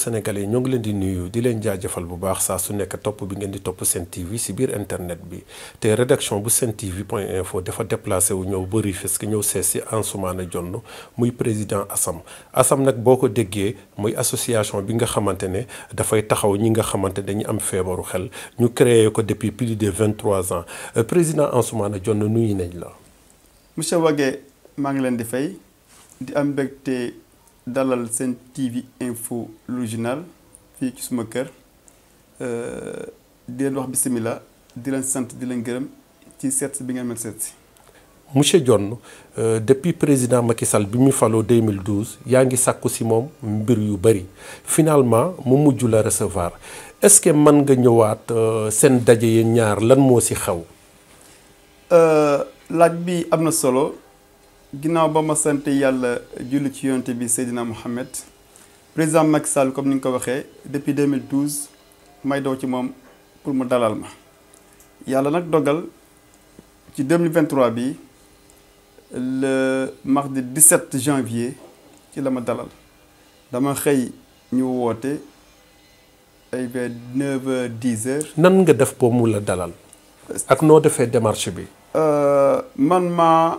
sénégalais ñoo ngi leen di nuyu di leen jaajëfal bu baax saa su nekk topp bi ngeen di topp seen TV si biir internet bi te rédaction bu seen TV point info dafa déplacé wu ñëw ba Rufisque ñëw sees si Ansoumana Dione muy président ASAM ASAM nag boo ko déggee muy association bi nga xamante ne dafay taxaw ñi nga xamante dañu am feebaru xel ñu créé ko depuis plus de 23 ans euh, président Ansoumana jonn nuyu nañ la. monsieur Wagué maa ngi leen di fay di am mbégte dalal seen TV info l'original fii ci suma kër euh, di leen wax bisimilah di leen sant di leen gërëm ci seet bi nga mel seet si. monsieur Dione euh, depuis président Macky Sall bi mu faloo 2012 yaa ngi sàkku si moom mbir yu bëri finalement mu mujj la recevoir est-ce que mën nga ñëwaat euh, seen daje yeen ñaar lan moo si xew. laaj bi am na solo. ginnaaw ba ma sant yàlla julli ci yonte bi Seydina Mohamed président Macky Sall comme ni nga ko waxee depuis 2012 may doo ci moom pour mu dalal ma yàlla nag dogal ci 2023 bi le mardi 17 janvier ci la ma dalal dama xëy ñu woote ay ba 9 h 10 heures. nan nga def ba mu la dalal. ak noo defee démarche bi. Euh, man maa.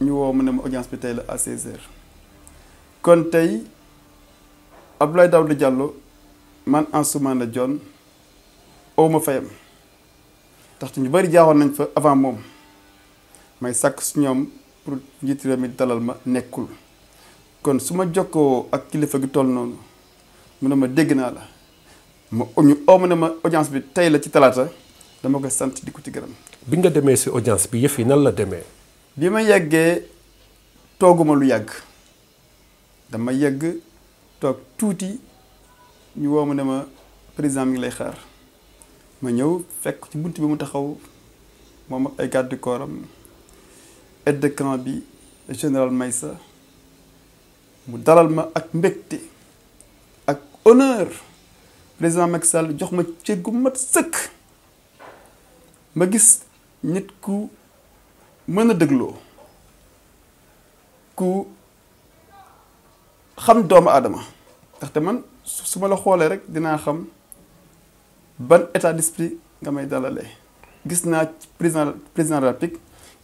ñu woo ma ne ma audience bi tey la à 16h kon tey Abdoulaye Daouda Diallo man en Ansoumana Dione aw ma fayam tax ñu bari jaaxoon nañ fa avant moom may sàkk su ñoom pour njiit réew mi dalal ma nekkul kon su ma jokkoo ak kilifa gi toll noonu mu ne ma dégg naa la ma ñu oo ma ne ma audience bi tey la ci talaata dama koy sant di ko ci gërëm. bi nga demee si audience bi yëf yi nan la demee. bi ma yeggee tooguma lu yàgg dama yegg toog tuuti ñu woo ma ne ma président mi ngi lay xaar ma ñëw fekk ci bunt bi mu taxaw moom ak ay garde corps am aide bi général Maïssa mu dalal ma ak mbégte ak honneur président Macky Sall jox ma cër gu mat sëkk ma gis nit ku mën na dégloo ku xam doomu aadama ndaxte man su ma la xoolee rek dinaa xam ban état d'esprit nga may dalale gis naa président président de la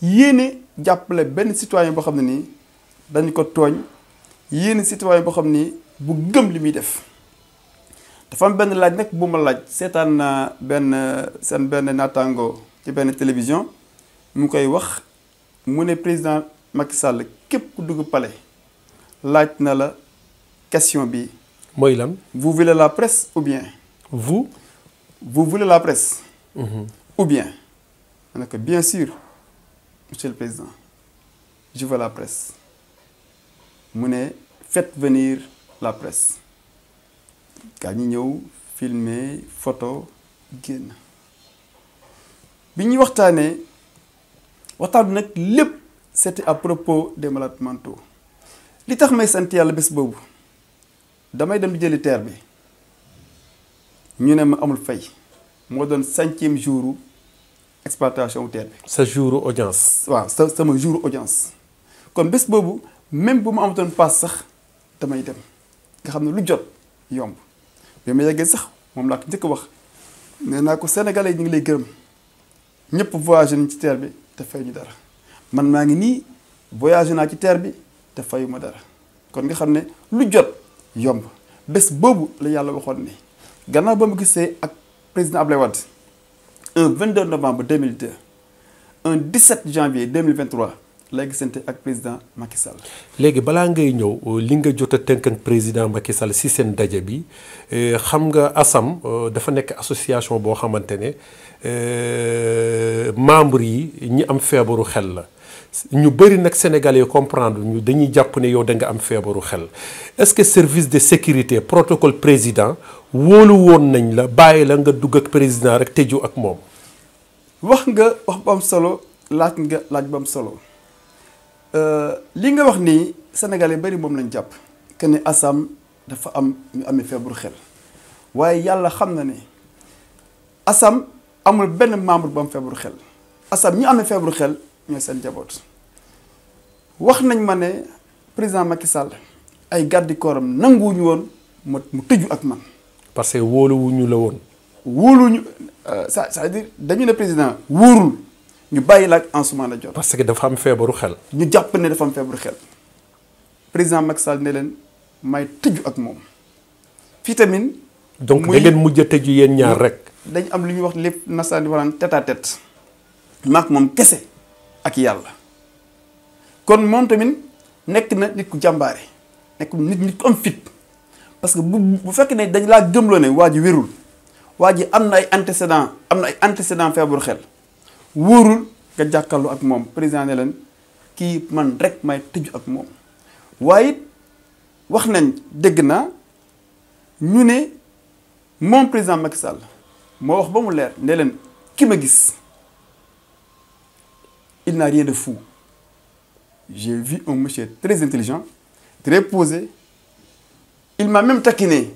yéene jàppale benn citoyen boo xam ne nii dañ ko tooñ yéene citoyen boo xam nii bu gëm li muy def dafa am benn laaj nag bu ma laaj seetaan na benn seen benn naataango ci benn télévision mu koy wax mu le président Macky Sall képp palais la question bi. moi vous voulez la presse ou bien. vous. vous voulez la presse. Mhm. ou bien. bien sûr monsieur le président je veux la presse Vous faites venir la presse. gaa ñi filmer photo génn bi waxtaan bi nag lépp c'était à propos des malades mentaux li tax may sant yàlla bés boobu damay dem di jëli teer bi ñu ne ma amul fay moo doon cinquième jour exploitation wu teer bi. sa jour audience. waaw sa sama jour audience kon bés boobu même bu ma amatoon paas sax damay dem nga xam ne lu jot yomb bi ma yeggee sax moom laa ko njëkk wax nee naa ko sénégalais ñu ngi lay gërëm ñëpp voyage nañ ci teer bi te suis dara man maa ngi nii terre bi te fayu dara kon nga xam lu jot yomb la président Ablaye un 22 novembre 2002 un 17 janvier 2023. lay gisante ak président Macky Sall. léegi balaa ngay ñëw li nga jot a tënk président Macky Sall si seen daje bi eh, xam nga ASAM eh, dafa nekk association boo xamante ne eh, membres yi ñi am feebaru xel la. ñu bëri nag Sénégalais yi ñu dañuy jàpp ne yow da nga am feebaru xel est-ce que service de sécurité protocole président woolu woon nañ la bàyyi la nga dugg ak président rek tëju ak moom. wax nga wax ba am solo laaj nga laaj ba am solo. Euh, li nga wax nii sénégalais bari moom lañ jàpp que ne Assam dafa am ñu amee feebaru xel waaye yàlla xam na ne Assam amul benn membre bu am feebaru xel Assam ñu amee feebaru xel ñoo seen jaboot wax nañ ma ne président Macky Sall ay gardi kooram nanguwuñu woon ma mu tëju ak man. parce que wóoluwuñu la woon. wóoluñu c'est-à-dire euh, dañu ne président wóorul. ñu bàyyi laa ak Ansoumana Dione parce que dafa am feebaru xel. ñu jàpp ne dafa am feebaru xel président Macky Sall ne leen may tëju ak moom fii tamit. donc da ngeen mujj a tëju yéen ñaar rek. dañ am lu ñuy wax lépp nasaan di waraan tête à maak moom kese ak yàlla kon moom tamit nekk na nit ku jàmbaare nekk nit nit ku am fit parce que bu bu fekkee ne dañ laa gëmloo ne waa ji wérul waa ji am na ay antécédent am na ay antécédent feebaru xel. wourul nga jàkkaarloo ak mom président ne leen kii man rek may tëju ak mom waaye wax nañ dégg ñu ne président Macky Sall wax ba mu leer ne ki ma gis il n'a rien de fou j'ai vu un monsieur très intelligent très posé il m'a même taquiné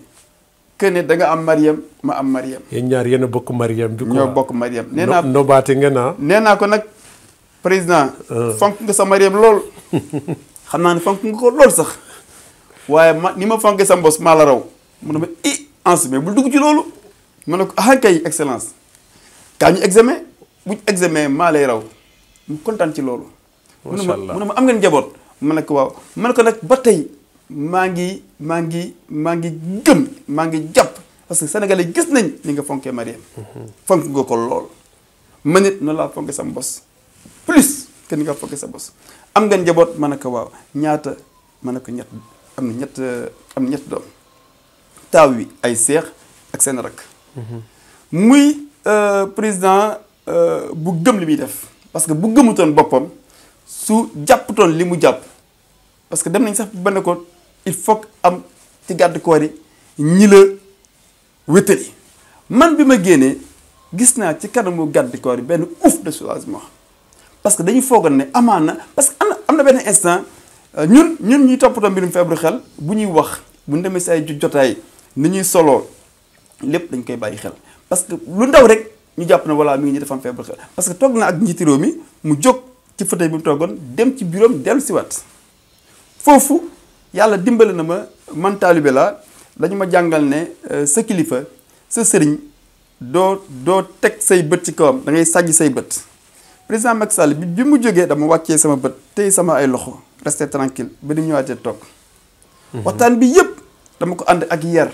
que ne da nga am Mariam ma am Mariam. yéen ñaar yéen bokk Mariam. bi ko ñoo bokk Mariam. nee naa ndobaate ngeen ah. nee naa ko nag président. Euh. fonk nga sa Mariam lool. xam naa ne fonk nga ko lool sax waaye ma ni ma fonkee sa mbos maa la raw mu ne ma i dugg ci loolu. ma ne ko ah kay excellence kaa ñu examen buñ examen maa lay raw mu kontaan ci loolu. macha allah ne ma am ngeen njaboot ma ne ko waaw ma ne ko nag ba tey. maa ngi maa ngi maa ngi gëm maa ngi jàpp parce que sénégalais gis nañ li nga fonkee Mariam fonk nga ko lool man it noonu laa fonkee sam bos plus que ni nga fonkee sa bos am nga njaboot mën a ko waaw ñaata mën a ko ñett am na ñett am ñett doom taaw wi ay seex ak seen rakk muy euh, président euh, bu gëm li muy def parce que bu gëmutoon boppam su jàpputoon li mu jàpp parce que dem nañ sax ba ne il faut am ci gàddu koor yi ñi la man bi ma génnee gis naa ci kanamu gàddu yi benn ouf de soulagement parce que dañu foogoon ne amaan na parce que am na am na benn instant euh, ñun ñun ñuy toppatoo mbirum feebaru xel bu ñuy wax bu ñu demee si ay jotaay ni ñuy soloo lépp dañ koy bàyyi xel parce que lu ndaw rek ñu jàpp ne voilà mi ngi ñi dafa am xel parce que toog na ak njiiti réew mi mu jóg ci fauteuil bi mu toogoon dem ci bureau dem si waat foofu. yàlla dimbali na ma man taalibe la dañu ma jàngal ne euh, sa kilifa sa sëriñ doo doo teg say bët ci kawam da ngay sàjj say bët président Macky bi bi mu jógee dama wàccee sama bët tey sama ay loxo rester tranquille ba ni mu ñëwaatee toog. Mhm. waxtaan bi yëpp dama ko ànd ak yar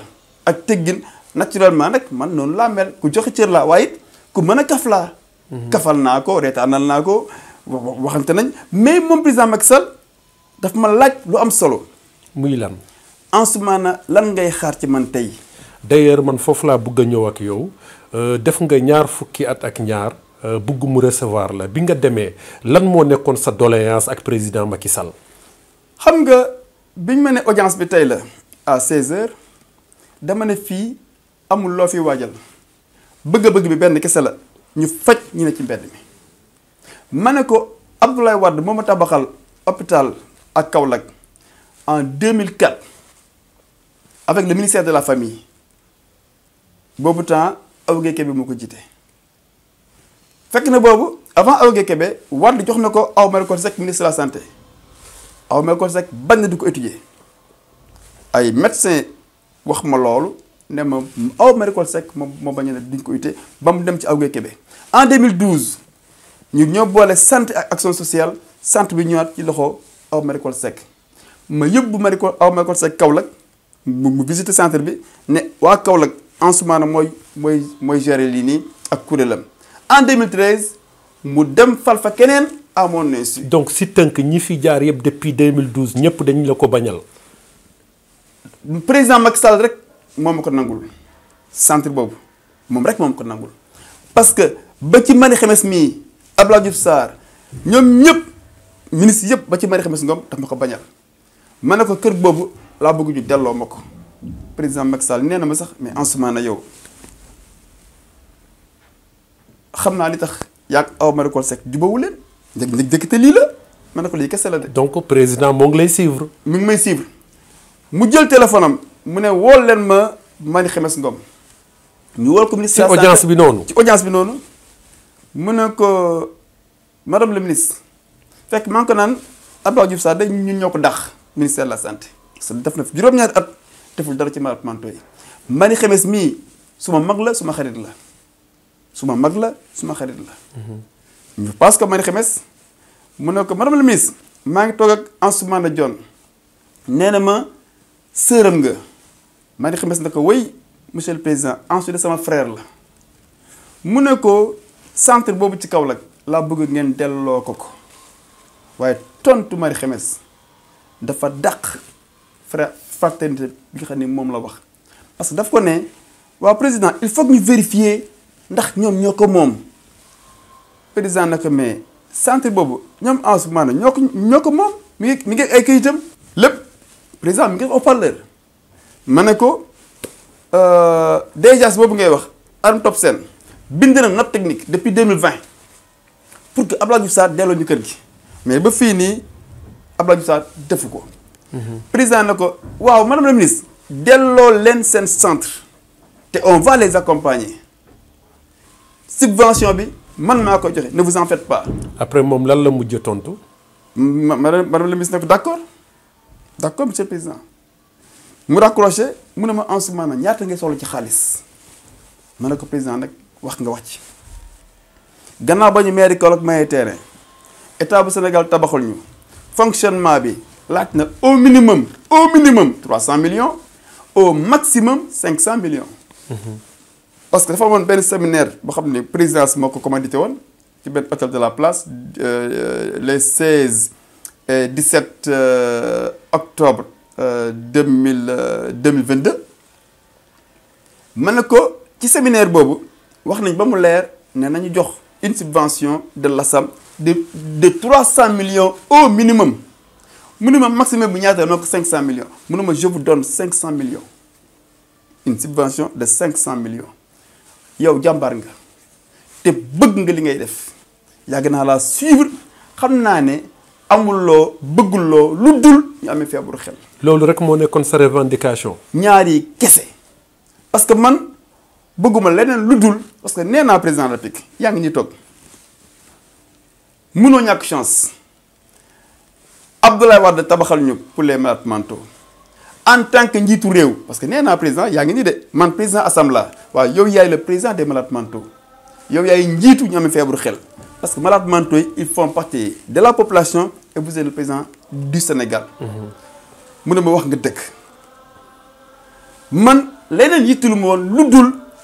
ak teggin naturellement nag man noonu laa mel ku joxe cër laa waaye it ku mën a kaf laa. Mhm. kafal naa ko reetaanal naa ko waxante nañ mais moom président Macky Sall daf ma laaj lu am solo. muy lan. Ansoumana lan ngay xaar ci man tey. d'ailleurs man foofu laa bëgg a ñëw ak yow euh, def nga ñaar fukki at ak ñaar euh, bëgg mu la bi nga demee lan moo nekkoon sa doléance ak président Macky Sall. xam nga biñ ma ne audience bi tey la à 16h dama ne fii amul loo fi waajal bëgg-bëgg bi benn kese la ñu faj ñu ne ci mbenn mi ma ne ko Abdoulaye Wade moo ma tabaxal hôpital ak Kaolack. en 2004 avec le ministère de la famille boobu temps Awege Kébé moko jité. jiite fekk na boobu avant Awege Kébé Wade jox na ko sek ministre de la santé Aw Malikor Seck bañ na ko étudier ay médecin wax ma loolu ne ma Aw Malikor Seck moom moo bañ a ne ko ute ba dem ci Awege Kébé en 2012 ñu ñoo boole santé ak action sociale santé bi ñëwaat ci loxo Aw Malikor Seck ma yóbbu ma di ko aw ma ko sa Kaolack mu visite centre bi ne waa Kaolack Ansoumana mooy moy moy gérer lii nii ak kuréelam en 2013 mu dem falfa kenen keneen donc si tënk ñi fi jaar yeb depuis 2012 ñep dañ la ko bañal. président Macky Sall rek mom ko nangul centre boobu mom rek mom ko nangul parce que ba ci mari xemes mi Abdoulaye Diouf Sarr ñoom ministre yeb ba ci mari xemes Ngom daf ma ko bañal. ma ne ko kër boobu laa bëgg delloo ma ko président Macky Sall nee na ma sax mais en na yow xam naa li tax yaag aw Maréchal Seck jubawu leen njëkk njëkk te lii la ma ne ko lii kese la de. donc président moo ngi lay suivre. ngi may suivre mu jël téléphone am mu ne wool leen ma Marie xemes ngoom ñu wool ko ministre. ci audience bi noonu ci audience bi noonu. mu ne ko madame le ministre fekk maa ko naan Abdoulaye Diouf saa dañ ñu ñoo ko dax ministère la santé parce def na fi juróom-ñaari at deful dara ci malades mentaux yi Mani Xemes mii suma mag la suma xarit la suma mag la suma xarit la. Mhm. je pense que Mani Xemes mu ne ko madame la ministre maa ngi toog ak Ansoumana Dione nee na ma sëram nga Mani Xemes na ko wéy monsieur le président ensuite sama frère la mu ne ko centre boobu ci Kaolack laa bëgg ngeen delloo ko ko waaye tontu Mani Xemes. dafa fraternité bi nga la wax parce que daf ko président il faut que nous vérifier ndax ñoom ñoo ko président mais centre boobu ñoom Ansoumana ñoo ko ñoo mi ngi ay président mi ngi ne euh, déjà boobu ngay Top sen bind na technique depuis 2020 pour que Abdoulaye Diouf ça delloo mais ba Abdoulaye président madame la ministre. dello len sen centre. on va les accompagner. subvention bi man ne vous en faites pas. après mom lan la je tontu. madame ministre d'accord. D'accord, monsieur le président mu raccrocher mu ne ma en ce moment ngay ci président wax nga terrain état du Sénégal tabaxul ñu fonctionnement bi au minimum au minimum 300 millions au maximum 500 millions. Mhm. parce que dafa won ben séminaire bo xamné présidence moo commandité won ci ben hôtel de la place euh, euh, les 16 et 17 euh, octobre 2022 Je ko ci séminaire bobu wax nañ nañu jox une subvention de l'ASAM de 300 millions au minimum minimum maximum 500 millions je vous donne 500 millions une subvention de 500 millions yow jàmbaar nga te bëgg nga li ngay def yàgg naa suivre xam revendication. kese parce que man bëgguma leneen lu parce que suis pas président de la République a ñàkk chance Abdoulaye Wade tabaxal ñu pour les malades mentaux en tant que njiitu parce que nee naa président yaa ngi nii de man président assemblée waaw yow le président des malades mentaux yow yaay njiitu ñu amee feebaru parce que malades mentaux ils font partie de la population et vous êtes le président du Sénégal. mu ne ma wax nga dëkk man leneen yittalu ma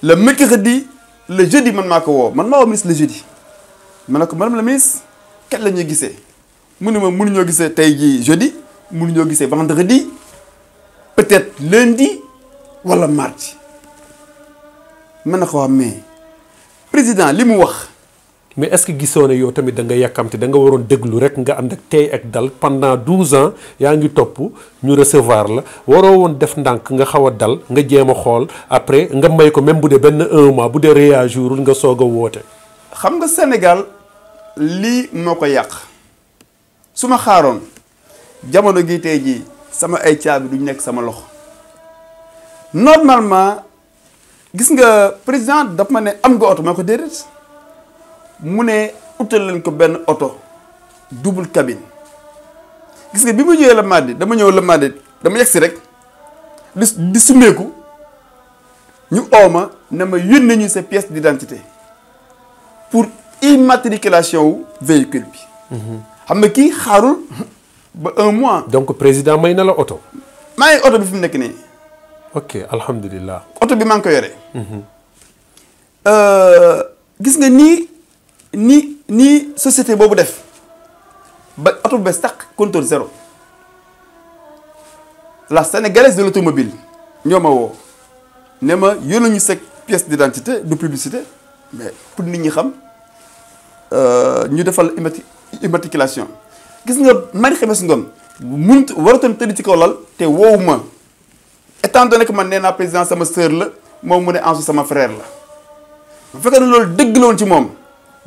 le mercredi le jeudi je suis le jeudi Je ne madame la ministre kat ce ñuy je Je ne pas jeudi vendredi peut-être lundi wala mardi Je ne président li mais est-ce que gisoo ne yow tamit danga nga yàkkamti da nga waroon déglu rek nga am ak tey ak dal pendant 12 ans yaa ngi topp ñu recevoir la waroo woon def ndànk nga xaw a dal nga jéem a xool après nga may ko même bu dee benn un mois bu dee réagiwul nga soog a woote. xam nga Sénégal lii moo ko yàq su ma xaaroon jamono gi tey jii sama ay caabi duñ nekk sama loxo normalement gis nga président daf ma ne am nga oto ma ko déedéet. mu ne utal lañ ko benn oto double cabine gis nga bi ma ñëwee la Maddy dama ñëw la Maddy dama yegsi rek di di sumeeku ñu oo ma ne ma yónnee ñu sa pièce d'identité pour immatriculation wu véhicule bi. Mhm. xam nga kii xaarul ba un mois. donc président may na la oto. maa ngi oto bi fi mu nekk nii. ok alhamdulilah. oto bi maa ngi ko yore. Mhm. Euh, gis nga nii. ni ni société bobu def ba oto bu bees compteur zéro la sénégalaise de l'automobile ñoma wo néma ne sec ñu pièce d'identité de publicité mais pour nit ñi xam euh, ñu defal immatriculation gis nga mari Khemesse Ngom munt waratoon tëdd ci kaw lal té woowu étant donné que man néna président sama sœur la mom mu ne Ansu sama frère la bu na lool loolu dëgg ci mom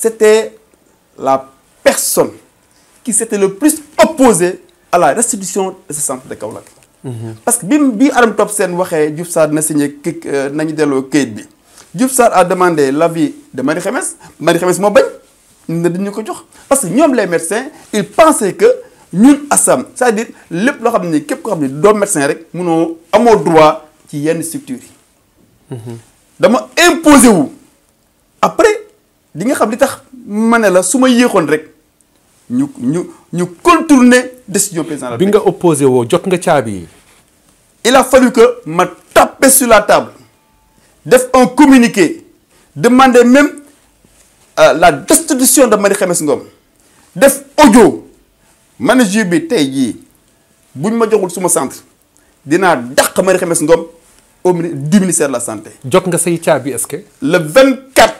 c'était la personne qui s'était le plus opposée à la restitution de ce centre de Kaolack. parce que bi bi Arame Top Sène Diouf na signé euh, nañu a demandé l'avis de Marie Khemesse Marie Khemesse mo bañ ne dañu ko jox parce que ñom les médecins ils pensaient que ñun assam c'est-à-dire que lo xamni kep ont xamni do médecin rek mëno droit ci yenn une structure mhm. dama imposé wu après di nga xam li tax ma ne la su ma rek ñu ñu ñu contourner décision président bi nga opposé wo jot nga caabi yi. il a fallu que ma tape sur la table def un communiqué demander même euh, la destitution de Marie Khemesse Ngom def audio manager bi tay ji buñ ma joxul suma centre dina dàq Marie Khemesse Ngom au du ministère de la santé. jot nga say caabi est-ce que. le 24.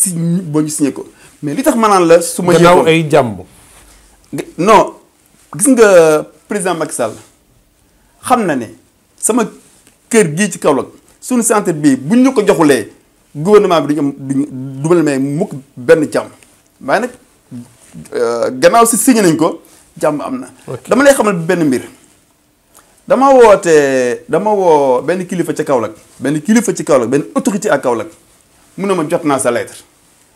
si boo ñu signé ko mais li tax ma naan la. su ma yëgoon ay jàmb. non gis nga président Macky Sall xam na ne sama kër gii ci Kaolack suñu centre bii buñ ñu ko joxulee gouvernement bi duñu am duñu du ma la benn jàmm waaye nag euh, gannaaw si signé nañ ko jàmm am na. dama lay xamal benn mbir. dama woote dama woo benn kilifa ca Kaolack benn kilifa ci Kaolack benn autorité ak Kaolack mun ne ma jot naa sa lettre.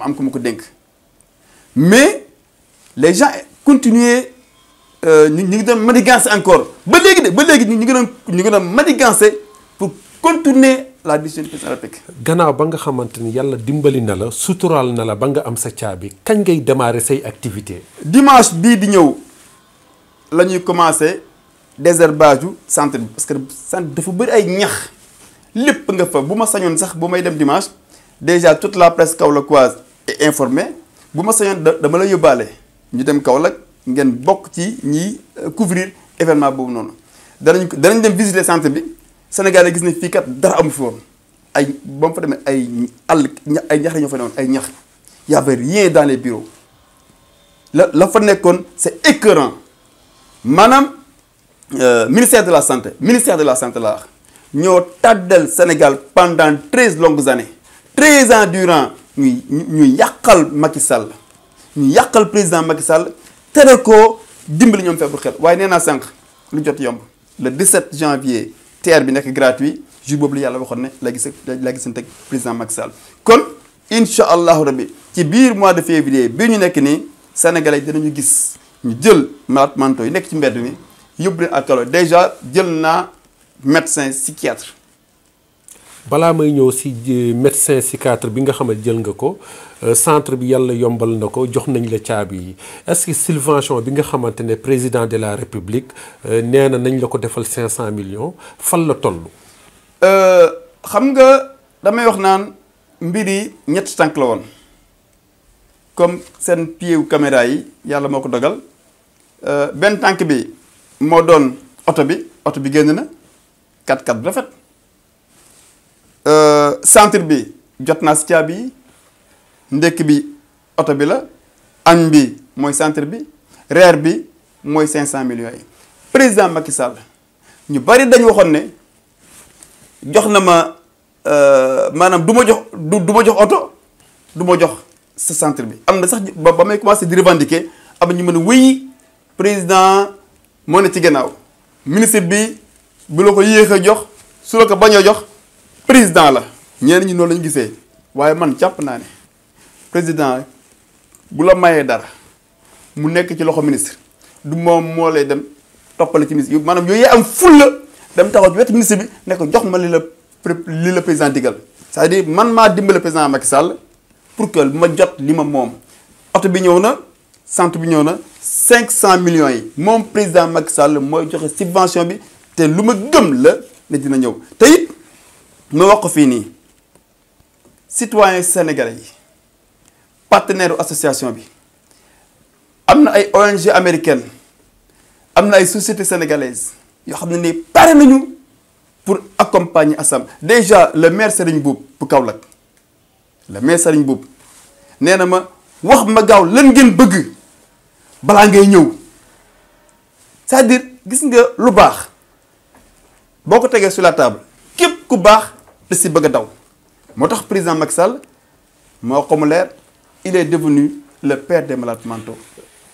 am ko mu ko mais les gens continuaient euh, ñu ñu ngi doon encore ba léegi de ba léegi ñu ngi doon ñu pour contourner la décision du président de la République. gannaaw ba nga xamante ni yàlla dimbali na la suturaal na la ba nga am sa caabi kañ ngay démarrer say activité dimanche bii di ñëw la ñuy commencé désherbage centre parce que centre dafa bëri ay ñax lépp nga fa bu ma sañoon sax bu may dem dimanche déjà toute la presse kaolackoise et informé. Si je suis de me faire des choses, je vais me faire couvrir l'événement. Je vais visiter le centre. Le Sénégal est ici, il des Il des Il n'y avait rien dans les bureaux. La est c'est écœurant. Madame, euh, ministère de la Santé, ministère de la Santé, nous avons le Sénégal pendant 13 longues années. 13 ans durant. Nous ñu yàqal Macky président Macky Sall dimbali nous le 17 janvier terre bi nous gratuit jour la nous président Macky kon nous rabbi ci mois de février les sénégalais nous gis ñu jël de nous nous déjà médecin psychiatre. balaa may ñëw si euh, médecin psychiatre bi nga xam jël nga ko euh, centre bi yàlla yombal na ko jox nañ la caabi yi est-ce que bi nga xamante ne président de la république euh, nee na nañ la ko defal cent millions fan la toll. xam nga damay wax naan mbir yi ñetti tànk la woon comme seen pieu caméra yi yàlla moo ko dogal benn tànk bi moo doon oto bi oto bi génn na 4 x bi bu Euh, centre bi jotna naa si caabi yi bi auto bi la añ bi moy centre bi reer bi moy 500 millions président Macky Sall ñu bari dañ waxone ne jox na ma euh, maanaam du ma jox duma jox auto duma jox ce centre bi amna sax ba may commencé di revendiquer am ñu mën wëyi président moo ne ci gënaaw ministre bi bu la ko yéex jox su la ko bañ jox. président la ñeen ñi noonu lañu gisee waaye man jàpp naa ne président bu la mayee dara mu nekk ci loxo ministre du moom moo lay dem toppale ci ministre maanaam am ful dem taxaw ci wetu bi ne jox ma li la li la président digal cest à man maa dimbale président Macky Sall pour que ma jot li ma moom oto bi ñëw na centre bi ñëw na cinq cent millions yi moom président Macky Sall mooy joxe subvention bi te lu ma gëm la ne dina ñëw te Nous avons fini. Citoyens sénégalais partenaires, partenaires l'association, bi les ONG américaines, les sociétés sénégalaises, société sénégalaise yoo xam ne de pour accompagner Assam déjà le maire Serigne Boub pour dire, le maire Serigne Boub nee na ma wax ma gaaw lan ngeen bëgg balaa ngay ñëw c'est-à-dire vous nga lu baax si vous êtes sur la table ku si bëgg daw motax président Macky mo moo leer il est devenu le père des malades mentaux.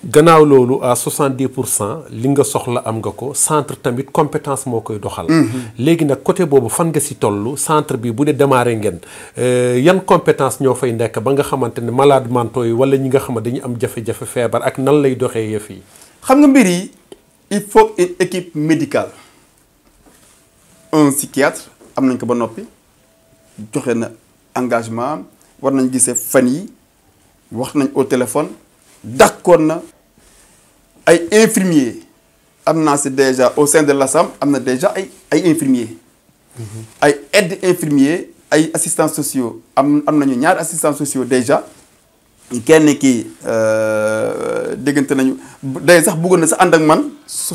gannaaw loolu à 70 li nga soxla am nga ko centre tamit compétence moo koy doxal. léegi nag côté boobu fan nga si toll centre bi bu dee démarré ngeen euh, yan compétence ñoo fay nekk ba nga xamante ne malades mentaux yi wala ñi nga xam ne dañuy am jafe-jafe feebar ak nan lay doxee yëf yi. xam nga mbir yi il faut une équipe médicale un psychiatre am nañ ko ba noppi joxe na engagement war nañ gissé fan wax au téléphone d'accord na ay infirmiers déjà au sein de l'ASAM am déjà ay infirmiers. Mhm. ay aides infirmiers ay assistants sociaux am y des assistants sociaux déjà kenn euh a nañu day sax bëgguna sa and ak man su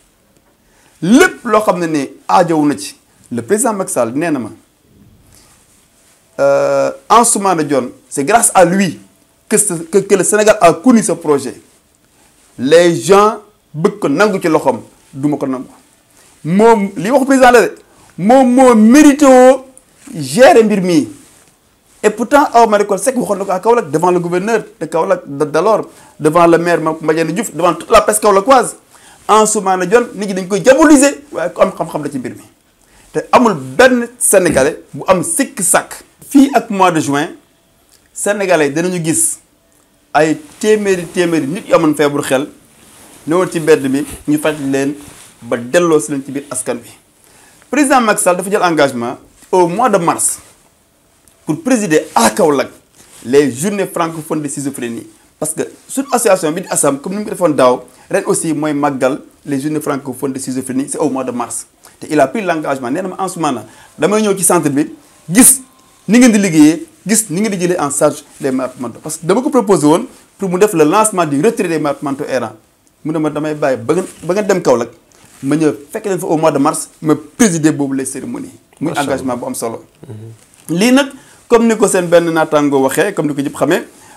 le président Macky Sall ce euh, c'est grâce à lui que le Sénégal a connu ce projet les gens veulent que ci du président mérité et pourtant c'est devant le gouverneur de devant le maire Diouf devant toute la presse kaolakoise. En ce nit ñi koy diaboliser am xam-xam la ci mbir amul Ben sénégalais bu am mois de juin sénégalais dañu gis ay téméri téméri nit yu xel ci mi ñu leen ba leen ci askan bi président Macky a dafa jël engagement au mois de mars pour présider à les journées francophones de schizophrénie parce que suñu association bi di comme nous mu dit, defoon daaw ren aussi mooy màggal les jeunes francophones de schizophrénie c'est au mois de mars Et il a pris l'engagement. en ce moment damay ñëw ci centre bi gis ni ngeen di liggéeyee gis ni ngeen di jëlee en charge les malades mentaux parce que dama ko proposé won pour mu def le lancement du retrait des malades mentaux errants mu ne ma damay bàyyi ba nga dem kaw dem ma ñeu fekk len fa au mois de mars me présider boobu les cérémonies. muy engagement bu am solo. Mhm. li nak comme niko sen ben natango naataango comme niko ko xamé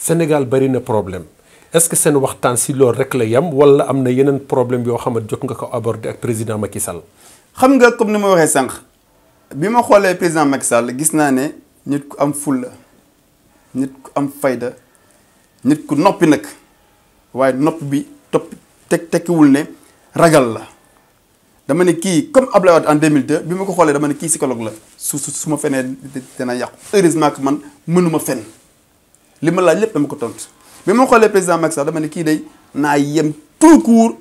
Sénégal bari na problème est-ce que seen waxtaan si loolu rek la yem wala am na yeneen problème yoo xam ne jot nga ko aborder ak président Macky Sall. xam nga comme ni ma waxee sànq bi ma xoolee président Macky Sall gis naa ne nit ku am fulla nit ku am fayda nit ku noppi nag waaye nopp bi topp tek tekkiwul ne ragal la dama ne kii comme Ablaye Wade en 2002 bi ma ko xoolee dama ne kii psychologue la su su ma fenee dana yàqu heureusement que man mënuma fen li ma laaj lépp dama ko tontu bi moo xoolee président Macky Sall dama ne kii day naa yem tout court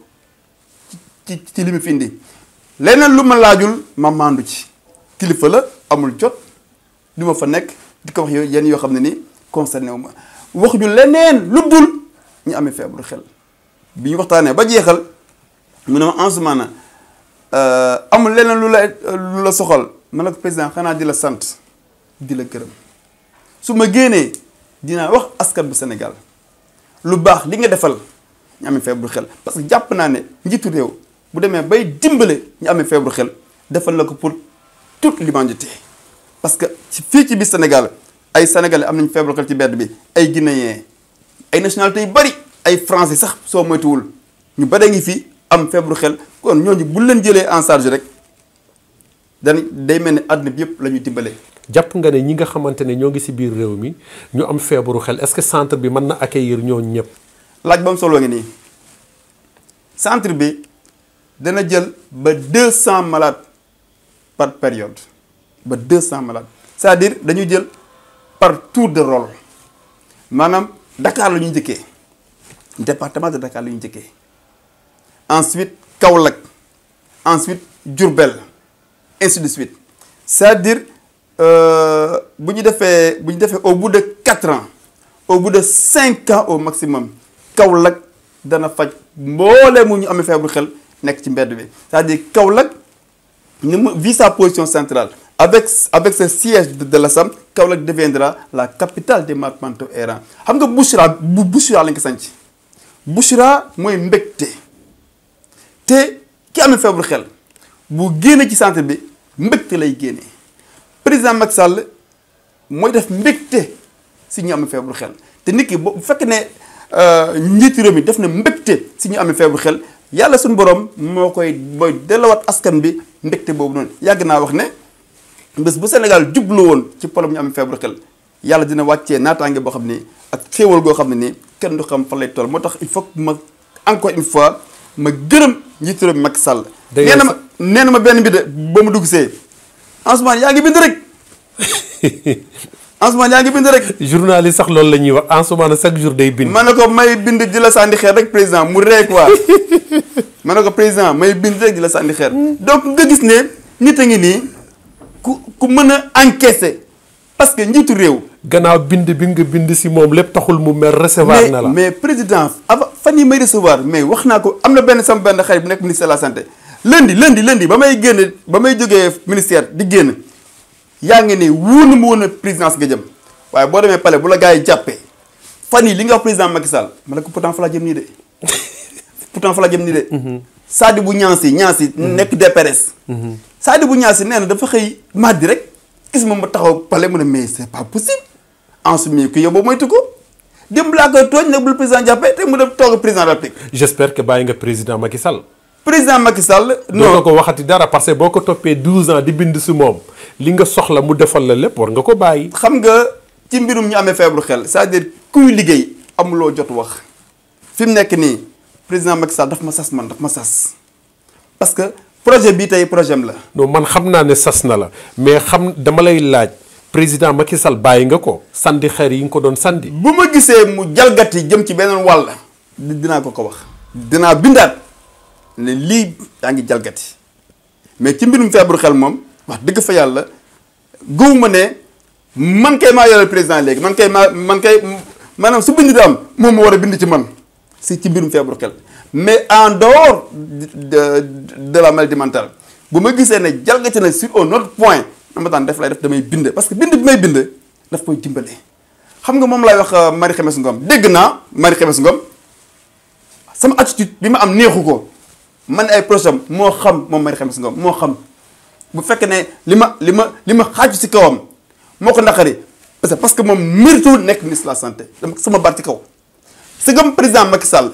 ci ci li mu fi indi leneen lu ma laajul ma maandu ci kilifa la amul jot du ma fa nekk di ko wax yooyu yenn yoo xam ne ni concerné wu ma wax ñu leneen lu dul ñu amee feebaru xel bi ñu waxtaanee ba jeexal mu ne ma Ansoumana euh, amul leneen lu la lu la soxal ma ne ko président xanaa di la sant di la gërëm su ma génnee. dinaa wax askan bu Sénégal lu baax li nga defal ñu amee feebru xel parce que jàpp naa ne njiitu réew bu demee bay dimbale ñu amee feebru xel defal la ko pour toute l'humanité parce que ci fii ci biir Sénégal ay sénégalais am nañ feebru xel ci bedd bi ay guinéens ay nationalités yu bari ay français sax soo moytuwul ñu bare ngi fii am feebru xel kon ñooñu bu leen jëlee en charge rek dañ day mel ni àdduna bi yëpp la ñuy dimbale. japp nga ne ñi nga xamantene ne ñoo ngi ci biir réew mi ñu am feebaru xel est-ce que centre bi mën na accueillir ñooñu ñëpp. laaj bam solo ngi ni centre bi dana jël ba 200 cent malades par période ba 200 cent malades c'est-à-dire dañu jël par tour de rôle manam Dakar la ñu njëkkee département de Dakar la ñu njëkkee ensuite Kaolack ensuite djourbel ainsi de suite c'est-à-dire. Euh, au bout de 4 ans, au bout de 5 ans au maximum, Kaulak dana fajj mbolé mu ñu amé faible xel nek ci mbéd bi c'est-à-dire Kaulak ni vit sa position centrale avec avec ce siège de, l'Assemblée l'Assam Kaulak deviendra la capitale des Marmanto Iran xam nga Bouchra Bouchra lañ ko sant Bouchra moy mbekté té ki amé faible xel bu génné ci centre bi mbekté lay génné président Macky Sall mooy def mbégte si ñu am feebul xel te nit ki bu fekkee ne euh, njiitu réew mi def na mbégte si ñu amee feebul xel yàlla suñu borom moo koy mooy delloowaat askan bi mbégte boobu noonu yàgg naa wax ne bés bu Sénégal jublu woon ci problème ñu amee feebul xel yàlla dina wàccee naataange boo xam ne ak xéewal goo xam ne nii kenn du xam fan lay toll moo tax il faut ma encore une fois ma gërëm njiitu réew mi Macky Sall. ma nee na ma benn bi de ba mu dugg see. Ansoumana yaa ngi bind rek Ansoumana yaa ngi bind rek. journaliste sax loolu la ñuy wax Ansoumana chaque jour day bind. ma ne ko may bind di la sànni xeer rek président mu ree quoi ma ne ko président may bind rek di la sànni xeer. donc nga gis ne nit a ngi nii ku ku mën a encaisser parce que njiitu réew. gannaaw bind bi nga bind si moom lépp taxul mu mer recevoir na la. mais président avant fan yi may recevoir mais wax naa ko am na benn sama benn xarit bu nekk ministre de la santé. lundi lundi lundi ba may génn ba may jógee ministère di génn yaa ngi ne wóor mu woon présidence nga jëm waaye boo demee palais bu la gars yi jàppee fan li nga wax président Macky ma ne ko pourtant fa laa jëm nii de pourtant fa laa jëm nii de. Mhm. Sadibou Niasse Niasse mhm. nekk DPRS. Mhm. Sadibou Niasse nee na dafa xëy màddi rek gis moom ma taxaw palais mu ne mais c' est pas possible ensuite ku yow ko. démb laa koy tooñ nag bul président jàppee te toog président de la République. nga président Macky Sall. président Macky Sall. non doo ko waxati dara parce que boo ko toppee 12 ans di bind si moom li nga soxla mu defal la lépp war nga ko bàyyi. xam nga ci mbirum ñu amee feebru xel cest dire kuy liggéey amuloo jot wax fi mu nekk nii président Macky Sall daf ma sas man daf ma sas parce que projet bi tey projet am la. non man xam naa ne sas na la mais xam dama lay laaj président Macky Sall bàyyi nga ko sandi xeer yi nga ko doon sandi. bu ma gisee mu jalgati jëm ci beneen wàll dinaa ko ko wax dinaa bindaat. ne lii yaa ngi jalgati mais ci mbirum feebaru xel moom wax dëgg fa yàlla gëwuma ne man kay maa yore président léegi man kay maa man kay maanaam su bind di moom ma war a bind ci man si ci mbirum feebaru xel mais en dehors de de la maladie mentale bu ma gisee ne jalgati na sur on autre point na ma daan def lay def damay bind parce que bind bi may bind daf koy dimbale. xam nga moom lay wax euh, Marie Xemes Ngom dégg naa Marie Xemes Ngom sama attitude bi ma am neexu ko. man ay projet mo xam moom may xam si ngoom moo xam bu fekk ne lima lima lima xaju ci kawam moko nakari parce que parce que mom méritul nek ministre la santé dama sama barti kaw si gëm président Macky Sall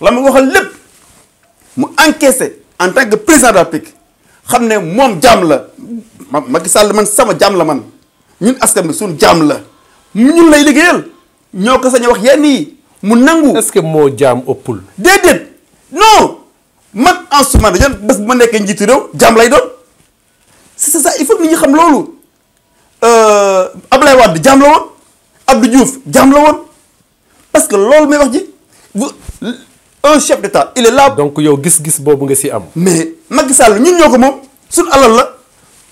la waxal lepp mu encaissé en tant que président de la République xamne mom jam la Macky Sall man sama jam la man ñun askan bi suñu jaam la ñu lay liggéeyal ñoko sañ wax yenn yi mu nangu. est-ce que mo jam opul dedet non. man Ansoumana Dione bés bu ma nekkee njiitu réew jàmm lay doon c'est ça il faut nit ñi xam loolu euh, Ablaye di jàmm la woon Abdou Diouf jàmm la woon parce que loolu may wax ji un chef d'état il est là. donc yow gis-gis boobu nga si am. mais Macky Sall ñun ñoo ko moom suñu alal la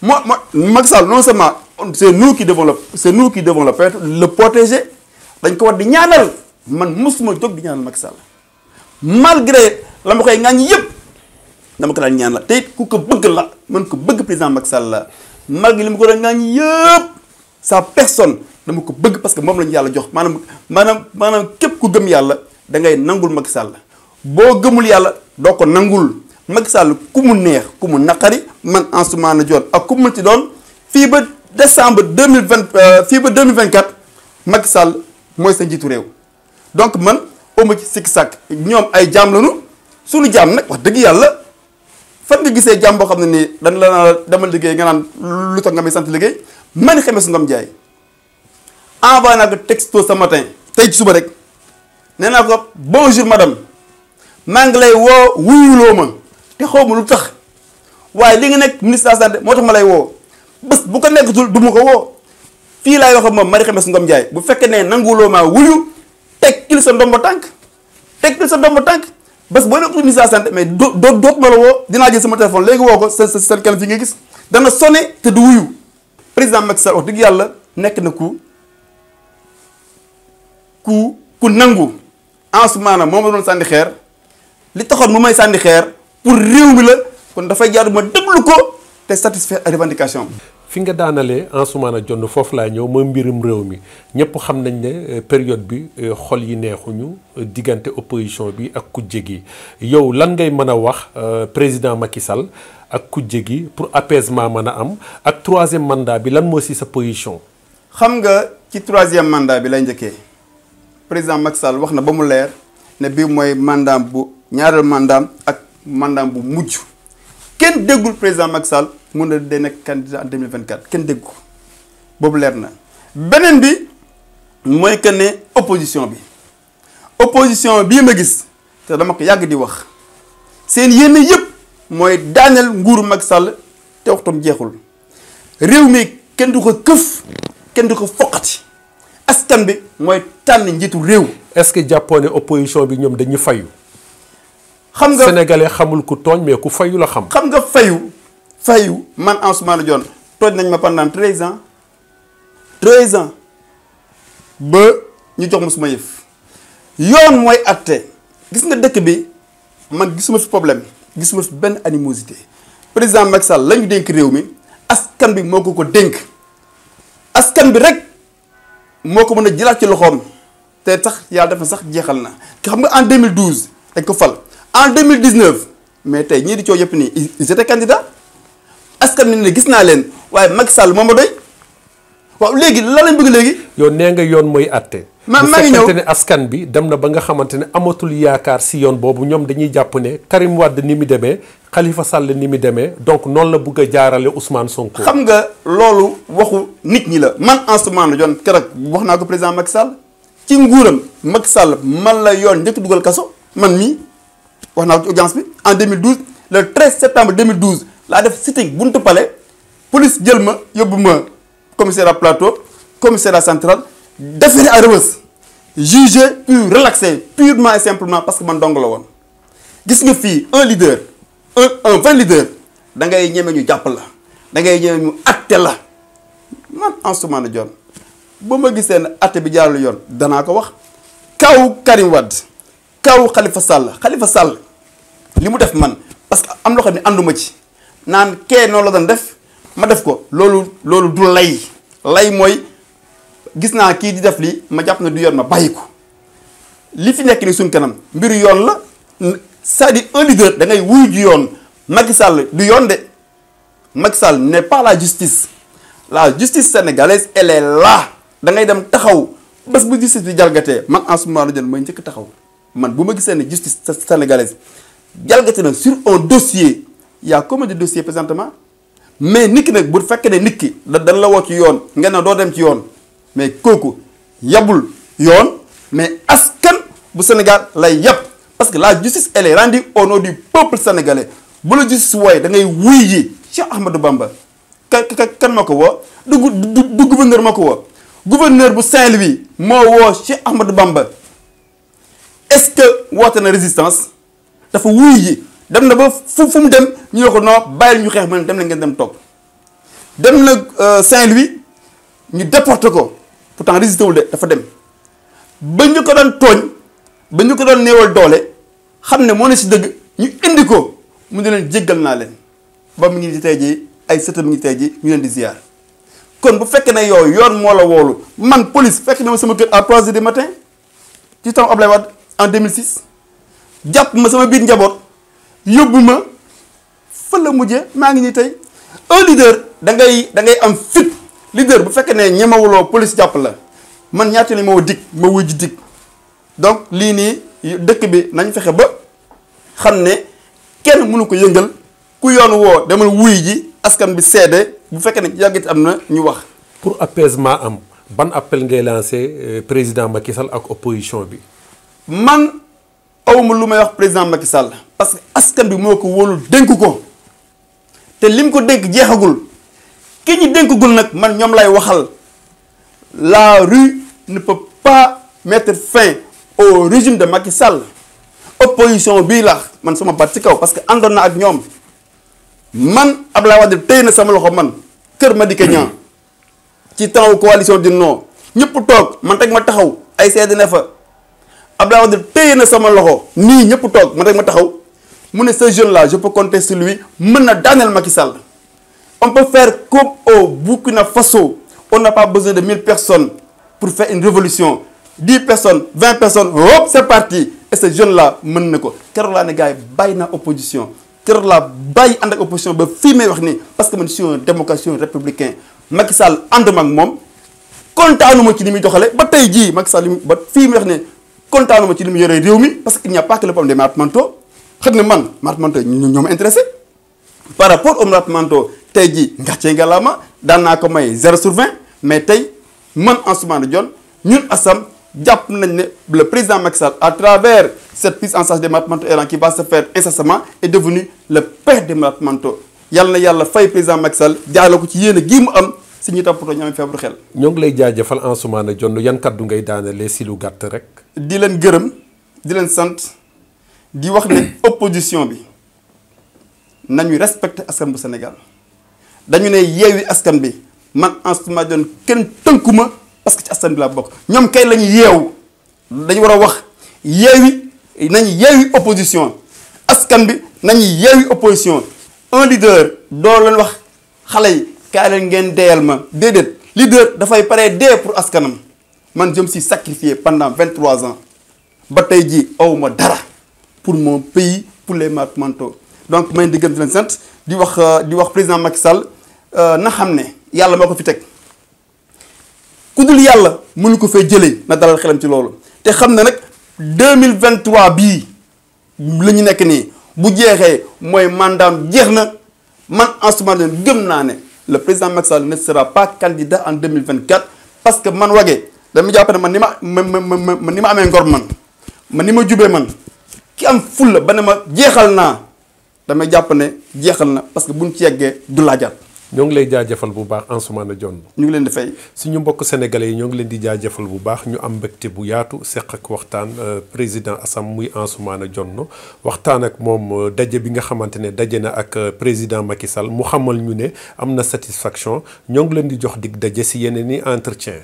moo moo Macky saal non seulement c'est nous qui devons le c'est nous qui devons le protéger dañ ko war di ñaanal man mosuma jóg di ñaanal mag Sall. malgré la koy ngagn yépp dama ko daan ñaan la te ku ko bëgg la man ko bëgg président Macky Sall la malgré li ko daan ŋañ sa personne dama ko bëgg parce que mom lañu yalla jox manam manam manam kep ku gëm yalla da ngay nangul Macky Sall bo gëmul yalla do ko nangul Macky Sall ku mu neex ku mu nakari man na jot ak ku mu ci doon ba décembre 2020 euh, fi ba 2024 Macky Sall moy sa jitu rew donc man ëmb ci sikk sàkk ñoom ay jaam lañu suñu jaam nag wax dëgg yàlla fan nga gisee jaam boo xam ne nii dañ la naa demal liggéey nga naan lu tax nga may sant liggéey man xamee su ngam jaay envoyé naa ko texto ce matin tey ci suba rek nee naa ko bonjour madame maa ngi lay woo wuyuloo ma te xaw ma lu tax waaye li nga nekk ministre de la moo tax ma lay woo bés bu ko nekkatul du ma ko woo fii laay wax ak moom Marie Khemesse Ngom Ndiaye bu fekkee ne nanguwuloo maa wuyu tekkil sa ndombo tànk tekkil sa ndombo tànk bés boo dee ministre de la mais doo doo doot ma la woo dinaa jël sama téléphone léegi woo ko sa sa seen kanam fi nga gis dana sone te du wuyu président Macky Sall wax dëgg yàlla nekk na ku ku ku nangu en ce moment moom la doon sànni xeer li taxoon mu may sànni xeer pour réew mi la kon dafay jaar ma déglu ko te satisfaire ay revendication fi nga daanalee Ansoumana Dione foofu laa ñëw mooy mbirum réew mi ñëpp xam nañ ne euh, période bi euh, xol yi neexuñu euh, diggante opposition bi ak ku gi yow lan ngay mën a wax président Macky Sall ak ku gi pour apaisement mën a am ak troisième mandat bi lan moo si sa position. xam nga ci troisième mandat bi lay njëkkee président Macky Sall wax na ba mu leer ne bii mooy mandat bu ñaareel mandat ak mandat bu mujj kenn déggul président Macky Sall. mun na day nekk candidat en 2024 kenn dégg ko boobu leer na beneen bi mooy que ne opposition bi opposition bii ma gis te dama ko yàgg di wax seen yéene yëpp mooy daaneel nguuru mag sàll te waxtam jeexul réew mi kenn du ko këf kenn du ko foqati askan bi mooy tànn njiitu réew. est-ce que jàppoo ne opposition bi ñoom dañuy fayu. xam nga sénégalais xamul ku tooñ mais ku fayu la xam. xam nga fayu Fayou, man Ansoumana Dione toj ma pendant 13 ans 13 ans Et ñu jox yoon atte gis bi man gisuma problème gisuma suis animosité président Je Sall que ñu dénk askan bi que askan bi rek moo ko mën a ci loxoom te tax yàlla dafa sax na en 2012 en 2019 mais ils étaient candidats askan wi ne gis naa leen waaye Macky Sall moo ma doy waaw léegi la lañ bëgg léegi. yow nee nga yoon mooy àtte. ma maa ngi ñëw ne askan bi dem na ba nga xamante ne amatul yaakaar si yoon boobu ñoom dañuy jàpp ne Karim Wade ni mi demee Khalifa Sall ni mu demee donc noonu la bëgg a jaarale Ousmane Sonko. xam nga loolu waxu nit ñi la man en ce moment jon keroog wax naa ko président Macky Sall ci nguuram mag Sall man la yoon njëkk dugal kaso man mii wax naa ko ci audience bi en 2012 le 13 septembre 2012. la def sitting buntu palais police jël ma yóbbu ma commissariat plateau commissariat central déféré à reverse jugé puis relaxé purement et simplement parce que man dong la won gis nga fi un leader un un vrai leader da ngay ñeme ñu japp la da ngay ñeme ñu atté la man moment Dione ba ma gisé na atté bi jaarul yoon na ko wax kaw Karim wad kaw Khalifa Sall Khalifa Sall limu def man parce que am lo xamni ne ci nan non la def ma def ko du lay lay moy gis na ki di def li ma japp na du yoon ma bayiko li fi nek ni sun kanam cest un leader da ngay du de n'est pas la justice la justice sénégalaise elle est là da ngay dem taxaw bu justice bi jalgaté man en ce moment la je taxaw man justice sénégalaise jalgaté na sur un dossier yaa a combien de dossiers présentement mais nit ki nag bu fekkee ne nit ki da dañ la woo ci yoon nga ne doo dem ci yoon mais kooku yabul yoon mais askan bu Sénégal lay yab parce que la justice elle est rendue du peuple sénégalais bu la justice wooye da ngay wuy ji Cheikh Ahmadou Bamba ka kan ma ko woo du du du ma ko woo gouverneur bu Saint-Louis moo woo Cheikh Ahmadou Bamba est-ce que woote na résistance dafa wuy ji. dem na ba fu fu mu dem ñu ne ko non bàyyil ñu xeex mu ne dem na ngeen dem toog dem na euh, Saint-Louis ñu déporté ko pourtant résisté wul de dafa dem ba ñu ko doon tooñ ba ñu ko doon néewal doole xam ne moo ne si dëgg ñu indi ko mu ne leen jéggal naa leen ba mu ngi di tey jii ay sëtam ngi tey jii ñu leen di ziar kon bu fekkee ne yooyu yoon moo la woolu man police fekk na ma sama kër à 3 heures du matin ci temps Ablaye Wade en 2006 jàpp ma sama biir njaboot. yobuma ma fa la mujjé ma ngi ni tay un leader da ngay da ngay am fit leader bu né ne wulo police japp la man ñaata la ma woo ma wuj dik donc li ni dekk bi nañ fexé ba xamné kenn mënu ko yëngal ku yoon wo demal wuy ji askan bi bu fekk né yagit am na ñu wax. pour apaisement am ban appel ngay lancer euh, président Macky Sall ak opposition bi. man awma luma wax président Macky Sall parce que askan bi moko wolul wóolu ko te lim ko denk jeexagul ki ñu dénkagul man ñom lay waxal la rue ne peut pas mettre fin au régime de Macky Sall opposition bi la man sama baat kaw parce que andona ak ñom man abla Wade teyna sama loxo man ma di Niang ci temps coalition du non ñepp tok man tek ma taxaw ay sédina fa Abdoulaye Wade téye na sama loxo ni ñëpp toog ma rek ma taxaw mu ne ce jeune là je peux compter sur lui mën Daniel daaneel on peut faire comme au Burkina Faso on n'a pas besoin de 1000 personnes pour faire une révolution 10 personnes 20 personnes hop c'est parti et ce jeune là mën na ko keroog laa gars l'opposition. opposition keroog la bàyyi ande opposition ba may wax parce que man je suis un démocrate je suis un républicain Macky Sall ànd ma ak moom kontaanuma ci ni muy doxale ba tey jii Macky ba may wax kontaanuma ci li mu yore parce qu'il n'y a pas que le problème des Martemanteaux xëy na man Martemanteaux ñoo ma intéressé par rapport au Martemanteaux tey jii ngàccee ngalaama daan un ko may 0 sur 20 mais tey man Ansoumana Dione ñun Assam jàpp nañ le président Maxal à travers cette prise en charge des Martemanteaux qui va se faire incessamment est devenu le père des Martemanteaux Il y a fay président Maxal. Sall jaarale ko ci yéen mu si ñuy toppatoo ñoom feebaru xel. ñoo ngi lay jaajëfal Ansoumana Dione yan kaddu ngay daanalee si lu gàtt rek. di leen gërëm di leen sant di wax ne opposition bi nañuy respecté askan bu Sénégal dañu ne yeewi askan bi man Ansoumana Dione kenn tënkuma parce que ci askan bi laa bokk ñoom kay lañu yeewu dañu war a wax yeewi nañu yeewi opposition askan bi nañu yeewi opposition un leader doo leen wax xale yi. kaay leen ngeen deyal ma déedéet leader dafay pare dee pour askanam man je si sacrifié pendant 23 ans ba tey ji aw ma dara pour mon pays pour les matmanto donc may di gëm di sant di wax di wax président Macky Sall euh, na xam ne yàlla moo ko fi teg ku dul yàlla mënu ko fee jëlee na dalal xelam ci loolu te xam ne nag deux mille vingt trois bii la ñu nekk nii bu jeexee mooy mandaam jeex na man Ansoumana Dione gëm naa ne. le président Macky Sall ne sera pas candidat en 2024 parce que man Wagué dama jàpp ne man ni ma ma ma ma ni ma amee ngor man man ni ma jubee man ki am fulla ba ne ma jeexal naa damay jàpp ne jeexal na parce que buñ ci yeggee du laajaat ñoo ngi lay jaajëfal bu baax Ansoumana Dione ñu ngi leen di suñu mbokk sénégalais yi ñoo ngi leen di jaajëfal bu baax ñu am mbégte bu yaatu seq ak waxtaan euh, président assam muy Ansoumana jonn waxtaan ak moom euh, daje bi nga xamante ne daje na ak euh, président Macky Sall mu xamal ñu ne am na satisfaction ñoo ngi leen di jox dig daje si yeneen i entretien